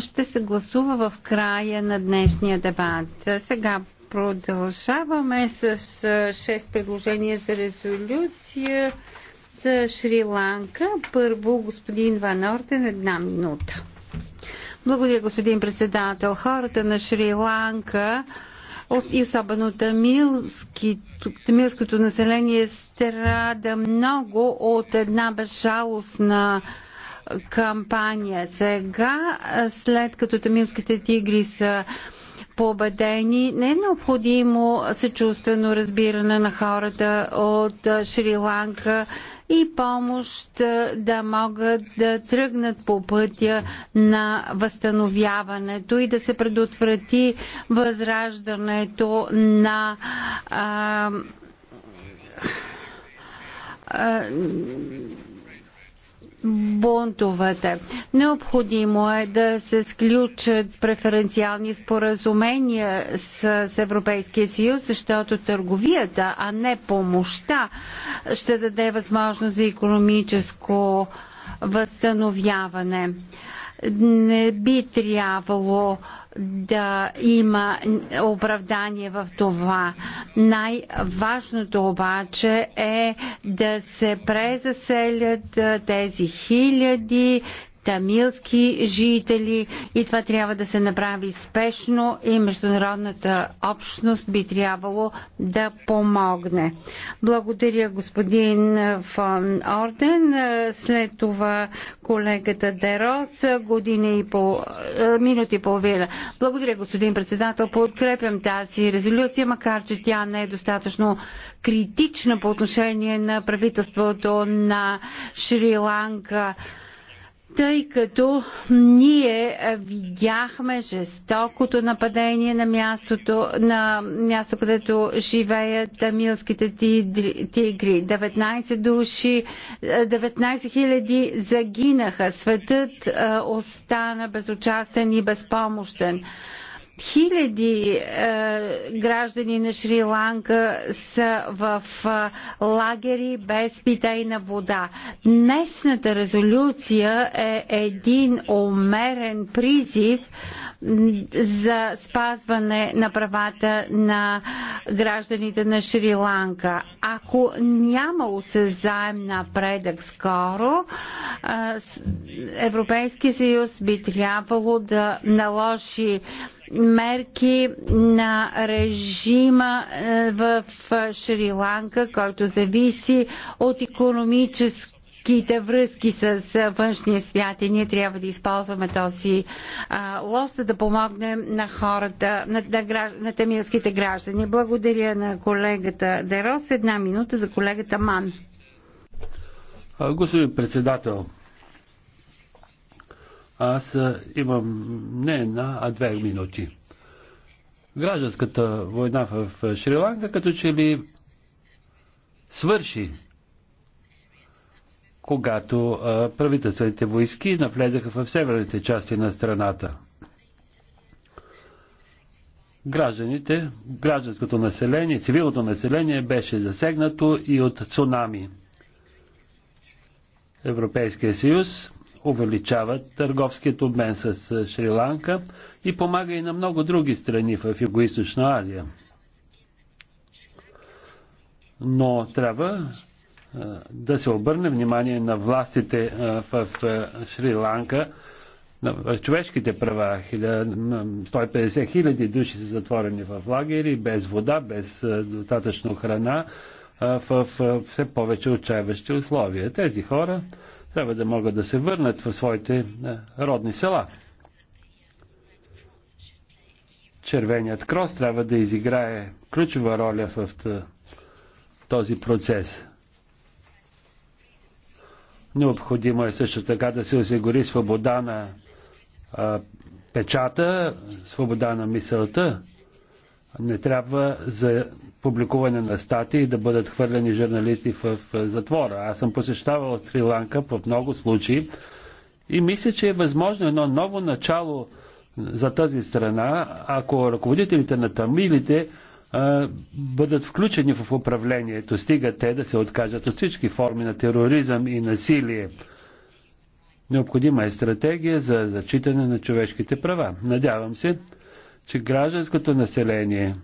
ще се гласува в края на днешния дебат. Сега продължаваме с 6 предложения за резолюция за Шри-Ланка. Първо господин Ван Орден, една минута. Благодаря, господин председател. Хората на Шри-Ланка и особено тамилски, тамилското население страда много от една безжалостна кампания. Сега, след като тамилските тигри са победени, не е необходимо съчувствено разбиране на хората от Шри-Ланка и помощ да могат да тръгнат по пътя на възстановяването и да се предотврати възраждането на а, а, бунтовете. Необходимо е да се сключат преференциални споразумения с Европейския съюз, защото търговията, а не помощта, ще даде възможност за економическо възстановяване не би трябвало да има оправдание в това. Най-важното обаче е да се презаселят тези хиляди тамилски жители и това трябва да се направи спешно и международната общност би трябвало да помогне. Благодаря господин фон Орден. След това колегата Дерос, година и пол, е, минути и половина. Благодаря господин председател. Подкрепям тази резолюция, макар че тя не е достатъчно критична по отношение на правителството на Шри-Ланка тъй като ние видяхме жестокото нападение на мястото, на място, където живеят тамилските тигри. 19 души, 19 е, хиляди загинаха. Светът е, остана безучастен и безпомощен. Хиляди е, граждани на Шри-Ланка са в е, лагери без питейна вода. Днешната резолюция е един умерен призив за спазване на правата на гражданите на Шри-Ланка. Ако няма осезаем напредък скоро, Европейския съюз би трябвало да наложи мерки на режима в Шри-Ланка, който зависи от економически пряките връзки с външния свят и ние трябва да използваме този а, лост, за да помогнем на хората, на, на, гражд... на тамилските граждани. Благодаря на колегата Дерос. Една минута за колегата Ман. Господин председател, аз имам не една, а две минути. Гражданската война в Шри-Ланка като че ли свърши когато правителствените войски навлезаха в северните части на страната. Гражданите, гражданското население, цивилното население беше засегнато и от цунами. Европейския съюз увеличава търговският обмен с Шри-Ланка и помага и на много други страни в Юго-Источна Азия. Но трябва да се обърне внимание на властите в Шри-Ланка на човешките права. 150 хиляди души са затворени в лагери, без вода, без достатъчно храна, в все повече отчаяващи условия. Тези хора трябва да могат да се върнат в своите родни села. Червеният крос трябва да изиграе ключова роля в този процес. Необходимо е също така да се осигури свобода на а, печата, свобода на мисълта. Не трябва за публикуване на статии да бъдат хвърлени журналисти в затвора. Аз съм посещавал сри ланка в много случаи и мисля, че е възможно едно ново начало за тази страна, ако ръководителите на тамилите бъдат включени в управлението, стига те да се откажат от всички форми на тероризъм и насилие. Необходима е стратегия за зачитане на човешките права. Надявам се, че гражданското население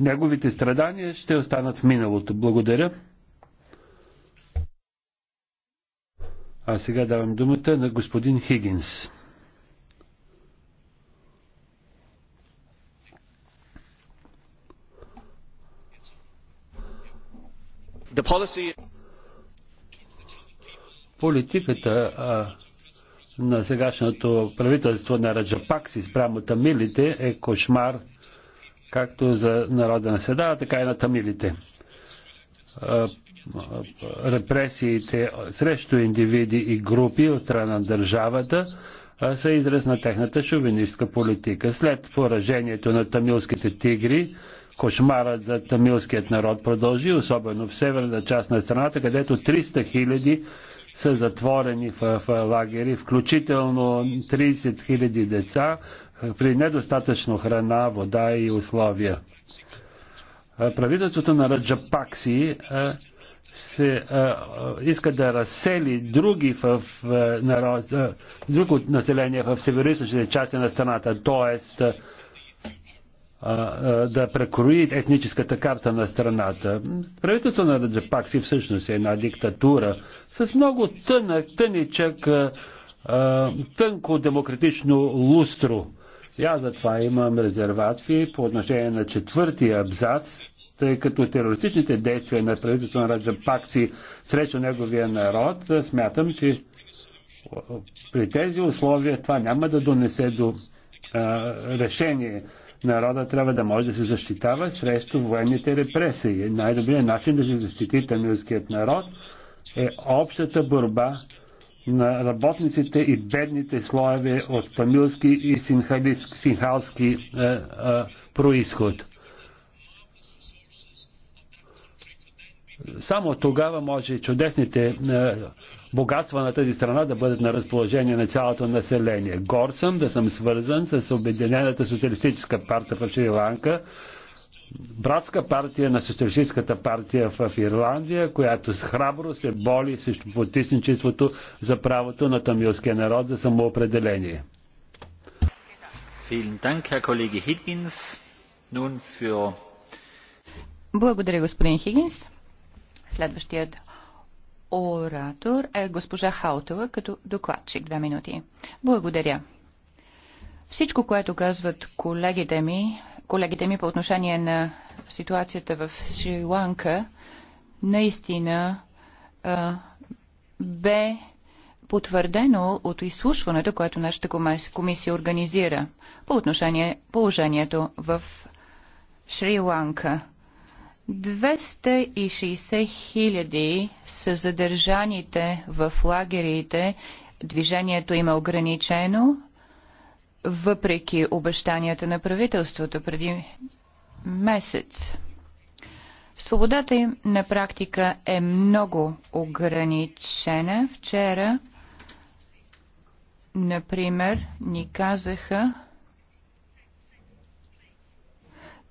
неговите страдания ще останат в миналото. Благодаря. А сега давам думата на господин Хигинс. Политиката а, на сегашното правителство на Раджапакси спрямо тамилите е кошмар както за народа на седа, така и на тамилите репресиите срещу индивиди и групи от страна на държавата са израз на техната шовинистка политика. След поражението на тамилските тигри, кошмарът за тамилският народ продължи, особено в северната част на страната, където 300 хиляди са затворени в, в лагери, включително 30 хиляди деца при недостатъчно храна, вода и условия. Правителството на Раджапакси се а, иска да разсели други в, в, народ, а, друго население в североизточните части на страната, т.е. да прекрои етническата карта на страната. Правителство на Раджапакси всъщност е една диктатура с много тънък, тъничък, а, тънко демократично лустро. И аз затова имам резервации по отношение на четвъртия абзац, тъй като терористичните действия на правителството на Раджа Пакси срещу неговия народ, смятам, че при тези условия това няма да донесе до а, решение. Народа трябва да може да се защитава срещу военните репресии. Най-добрият начин да се защити тамилският народ е общата борба на работниците и бедните слоеве от тамилски и синхалски, синхалски е, е, происход. Само тогава може чудесните е, богатства на тази страна да бъдат на разположение на цялото население. Гор съм да съм свързан с Обединената социалистическа партия в Шри-Ланка, братска партия на социалистическата партия в Ирландия, която с храбро се боли срещу потисничеството за правото на тамилския народ за самоопределение. Благодаря, господин Хигинс. Следващият оратор е госпожа Хаутова като докладчик. Две минути. Благодаря. Всичко, което казват колегите ми, колегите ми по отношение на ситуацията в Шри-Ланка, наистина а, бе потвърдено от изслушването, което нашата комисия организира по отношение положението в Шри-Ланка. 260 хиляди са задържаните в лагерите. Движението им е ограничено, въпреки обещанията на правителството преди месец. Свободата им на практика е много ограничена. Вчера, например, ни казаха,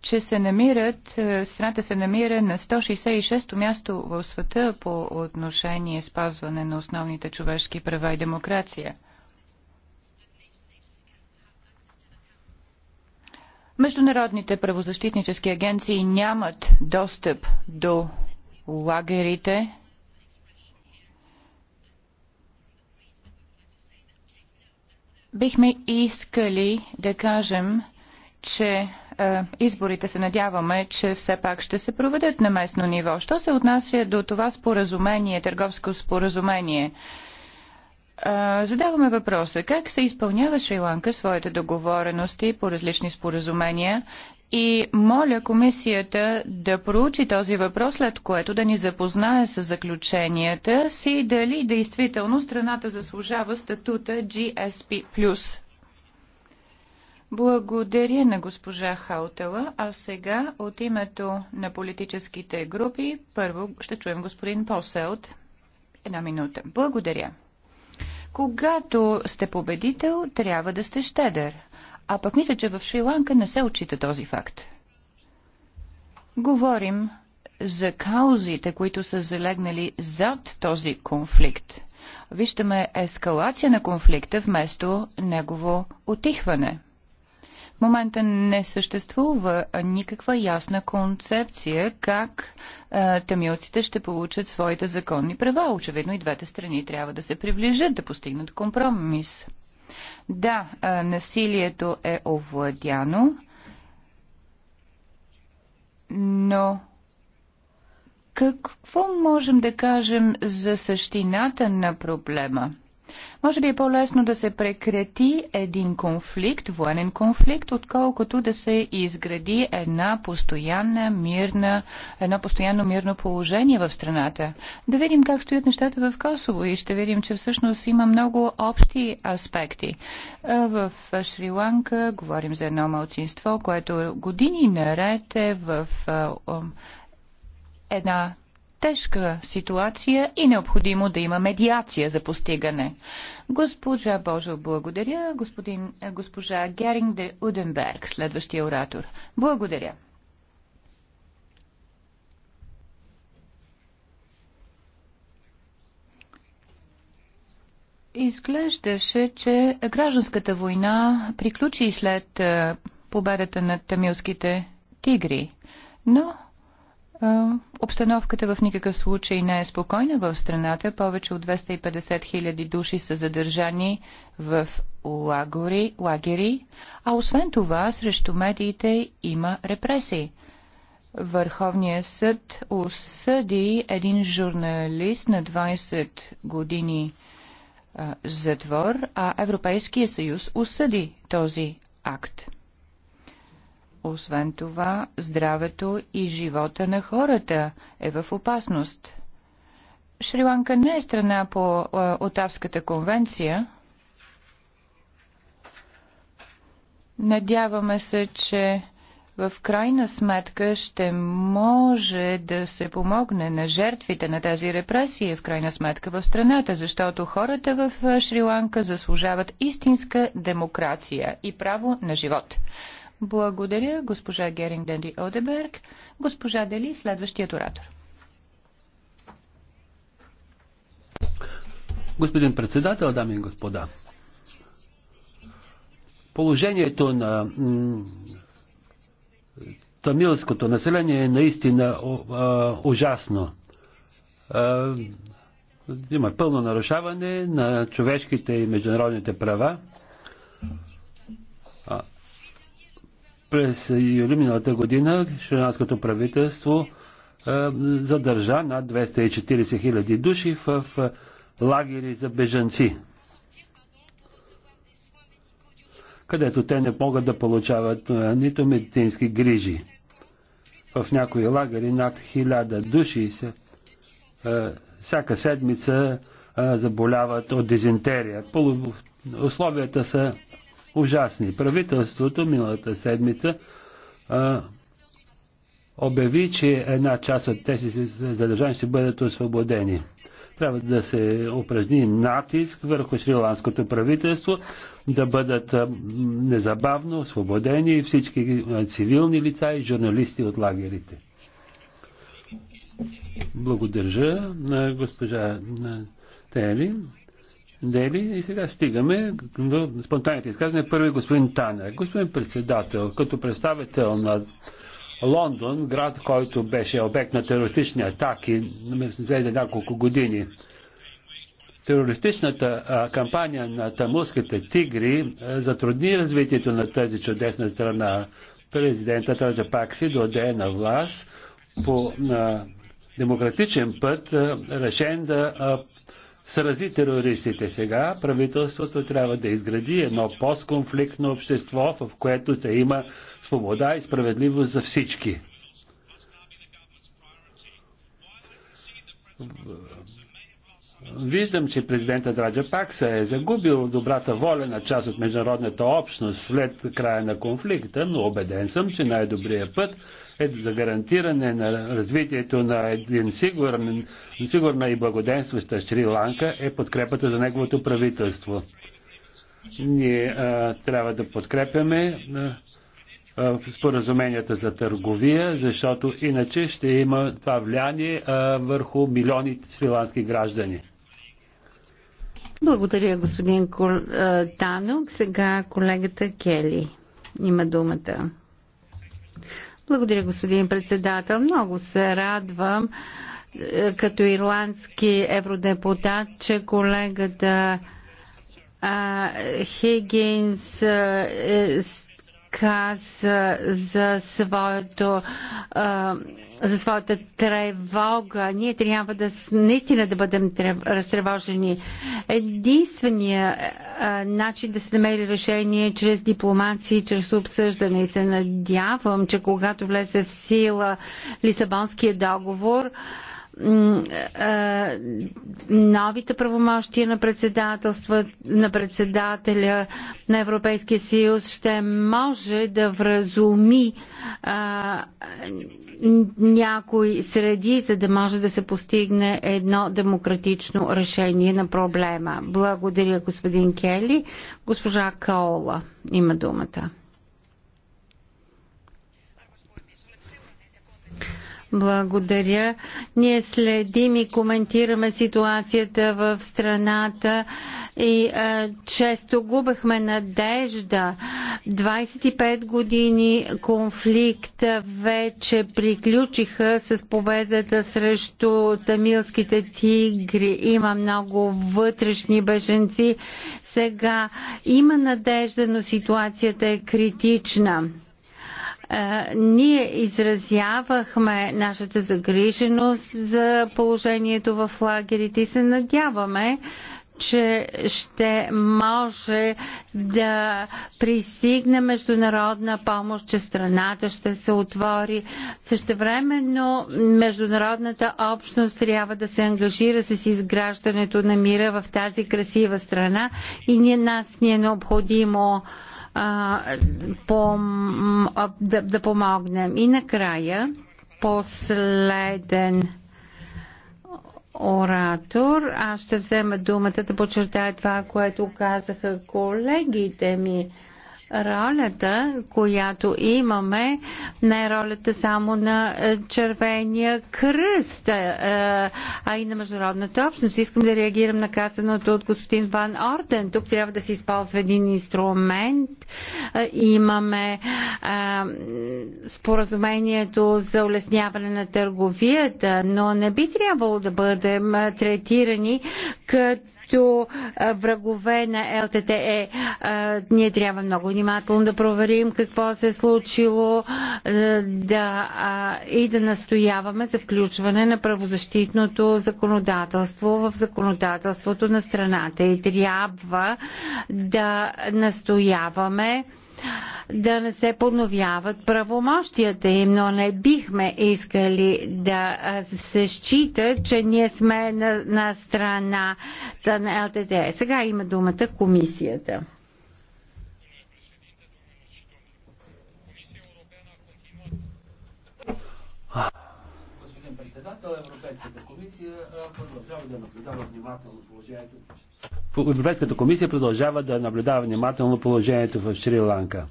че се намират, е, страната се намира на 166-то място в света по отношение спазване на основните човешки права и демокрация. Международните правозащитнически агенции нямат достъп до лагерите, бихме искали да кажем, че е, изборите се надяваме, че все пак ще се проведат на местно ниво. Що се отнася до това споразумение, търговско споразумение? Е, задаваме въпроса как се изпълнява Шри-Ланка своите договорености по различни споразумения и моля комисията да проучи този въпрос, след което да ни запознае с заключенията си дали действително страната заслужава статута GSP+. Благодаря на госпожа Хаутела, а сега от името на политическите групи първо ще чуем господин Поселт. Една минута. Благодаря. Когато сте победител, трябва да сте щедър. А пък мисля, че в Шри-Ланка не се отчита този факт. Говорим за каузите, които са залегнали зад този конфликт. Виждаме ескалация на конфликта вместо негово отихване. В момента не съществува никаква ясна концепция как е, тамилците ще получат своите законни права. Очевидно и двете страни трябва да се приближат, да постигнат компромис. Да, е, насилието е овладяно, но какво можем да кажем за същината на проблема? Може би е по-лесно да се прекрати един конфликт, военен конфликт, отколкото да се изгради една постоянна мирна, едно постоянно мирно положение в страната. Да видим как стоят нещата в Косово и ще видим, че всъщност има много общи аспекти. В Шри-Ланка говорим за едно малцинство, което години наред е в една тежка ситуация и необходимо да има медиация за постигане. Госпожа Божо, благодаря. Господин, е, госпожа Геринг де Уденберг, следващия оратор. Благодаря. Изглеждаше, че гражданската война приключи след е, победата над тамилските тигри, но Обстановката в никакъв случай не е спокойна в страната. Повече от 250 000 души са задържани в лагери, лагери, а освен това срещу медиите има репресии. Върховният съд осъди един журналист на 20 години затвор, а Европейския съюз осъди този акт. Освен това, здравето и живота на хората е в опасност. Шри-Ланка не е страна по Отавската конвенция. Надяваме се, че в крайна сметка ще може да се помогне на жертвите на тази репресия в крайна сметка в страната, защото хората в Шри-Ланка заслужават истинска демокрация и право на живот. Благодаря, госпожа Геринг Денди Одеберг. Госпожа Дели, следващият оратор. Господин председател, дами и господа, положението на тамилското население е наистина а, ужасно. А, Има пълно нарушаване на човешките и международните права. През юли миналата година шренатското правителство задържа над 240 хиляди души в лагери за бежанци, където те не могат да получават нито медицински грижи. В някои лагери над хиляда души се, всяка седмица заболяват от дизентерия. Условията са ужасни. Правителството миналата седмица а, обяви, че една част от тези задържани ще бъдат освободени. Трябва да се упражни натиск върху шриланското правителство, да бъдат незабавно освободени всички цивилни лица и журналисти от лагерите. Благодаря на госпожа Тели. Дели и сега стигаме до спонтанните изказвания. Първи е господин Танер. Господин председател, като представител на Лондон, град, който беше обект на терористични атаки преди няколко години. Терористичната а, кампания на тамуските тигри а, затрудни развитието на тази чудесна страна. Президентът Раджапакси дойде на власт по на демократичен път, решен да срази терористите сега, правителството трябва да изгради едно постконфликтно общество, в което да има свобода и справедливост за всички. Виждам, че президентът Раджа Пакса е загубил добрата воля на част от международната общност след края на конфликта, но убеден съм, че най-добрият път ето, за гарантиране на развитието на един сигурен, сигурна и благоденстваща Шри-Ланка е подкрепата за неговото правителство. Ние а, трябва да подкрепяме а, а, споразуменията за търговия, защото иначе ще има това влияние а, върху милионите шрилански граждани. Благодаря, господин Танок. Сега колегата Кели има думата. Благодаря, господин председател. Много се радвам е, като ирландски евродепутат, че колегата Хигинс е, каза за, своето, за своята тревога. Ние трябва да наистина да бъдем разтревожени. Единственият начин да се намери решение е чрез дипломация, чрез обсъждане. И се надявам, че когато влезе в сила Лисабонския договор, а, новите правомощия на председателства, на председателя на Европейския съюз ще може да вразуми а, някой среди, за да може да се постигне едно демократично решение на проблема. Благодаря, господин Кели. Госпожа Каола има думата. Благодаря. Ние следим и коментираме ситуацията в страната и а, често губехме надежда. 25 години конфликт вече приключиха с победата срещу тамилските тигри. Има много вътрешни беженци. Сега има надежда, но ситуацията е критична ние изразявахме нашата загриженост за положението в лагерите и се надяваме, че ще може да пристигне международна помощ, че страната ще се отвори. Същевременно международната общност трябва да се ангажира с изграждането на мира в тази красива страна и ние, нас ни е необходимо а, пом, а, да, да помогнем. И накрая, последен оратор. Аз ще взема думата да подчертая това, което казаха колегите ми ролята, която имаме, не е ролята само на е, Червения кръст, е, а и на международната общност. Искам да реагирам на казаното от господин Ван Орден. Тук трябва да се използва един инструмент. Е, имаме споразумението за улесняване на търговията, но не би трябвало да бъдем третирани като като врагове на ЛТТЕ. Ние трябва много внимателно да проверим какво се е случило да, и да настояваме за включване на правозащитното законодателство в законодателството на страната. И трябва да настояваме да не се подновяват правомощията им, но не бихме искали да се счита, че ние сме на, на страна на ЛТТ. Сега има думата комисията. Е Европейската комисия продължава да наблюдава внимателно положението. Европейската комисия продължава да наблюдава внимателно положението в Шри-Ланка.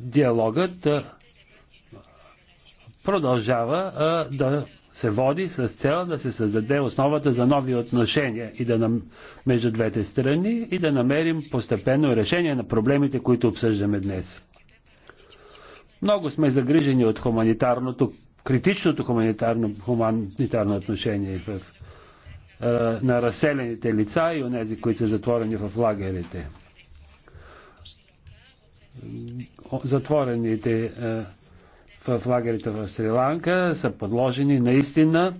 Диалогът продължава да се води с цел да се създаде основата за нови отношения и да нам... между двете страни и да намерим постепенно решение на проблемите, които обсъждаме днес. Много сме загрижени от хуманитарното критичното хуманитарно, хуманитарно отношение в, на разселените лица и онези, които са затворени в лагерите. Затворените а, в лагерите в сри ланка са подложени наистина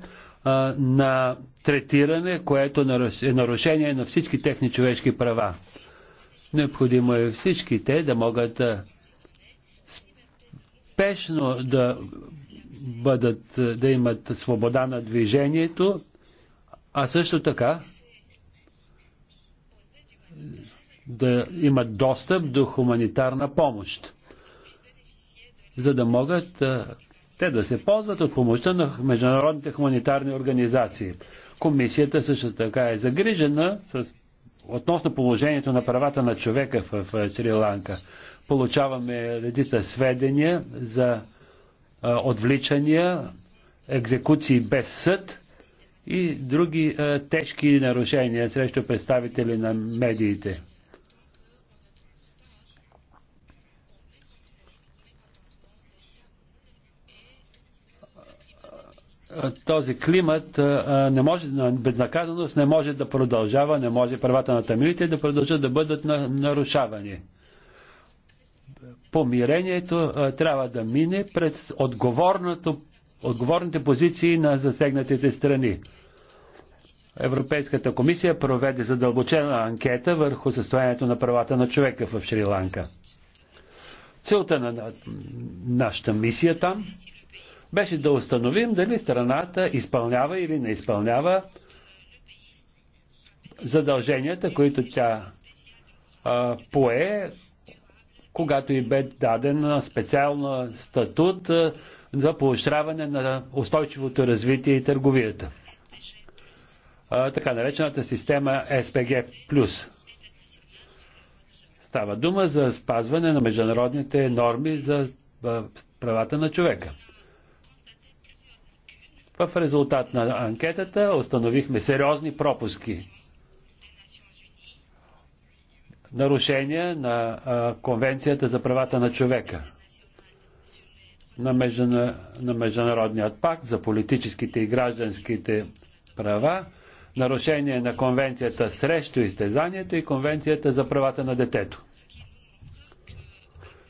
на третиране, което е нарушение на всички техни човешки права. Необходимо е всички те да могат спешно да бъдат, е, да имат свобода на движението, а също така да имат достъп до хуманитарна помощ, за да могат е, те да се ползват от помощта на международните хуманитарни организации. Комисията също така е загрижена с, относно положението на правата на човека в Шри-Ланка. Получаваме редица сведения за отвличания, екзекуции без съд и други тежки нарушения срещу представители на медиите. този климат не може, безнаказаност не може да продължава, не може правата на тамилите да продължат да бъдат нарушавани помирението а, трябва да мине пред отговорните позиции на засегнатите страни. Европейската комисия проведе задълбочена анкета върху състоянието на правата на човека в Шри-Ланка. Целта на, на нашата мисия там беше да установим дали страната изпълнява или не изпълнява задълженията, които тя а, пое когато и бе даден специална статут за поощряване на устойчивото развитие и търговията. Така наречената система СПГ+. Става дума за спазване на международните норми за правата на човека. В резултат на анкетата установихме сериозни пропуски нарушение на а, Конвенцията за правата на човека, на, междуна, на Международният пакт за политическите и гражданските права, нарушение на Конвенцията срещу изтезанието и Конвенцията за правата на детето.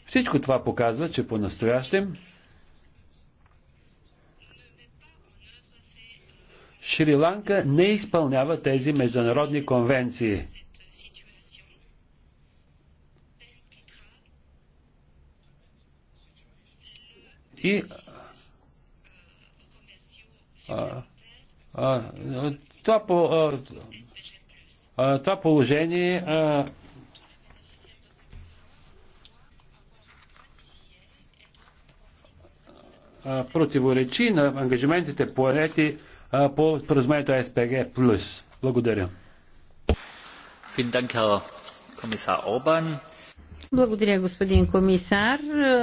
Всичко това показва, че по-настоящем Шри-Ланка не изпълнява тези международни конвенции – И а, а, това, по, а, а, това положение а, а, противоречи на ангажиментите поети а, по споразумението СПГ+. Благодаря. Vielen Dank, Herr Kommissar Orban. Благодаря, господин комисар.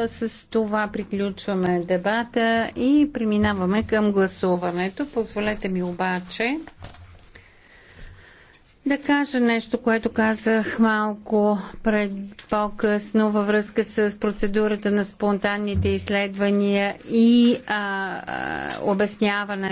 С това приключваме дебата и преминаваме към гласуването. Позволете ми обаче да кажа нещо, което казах малко пред по-късно във връзка с процедурата на спонтанните изследвания и а, а, обясняване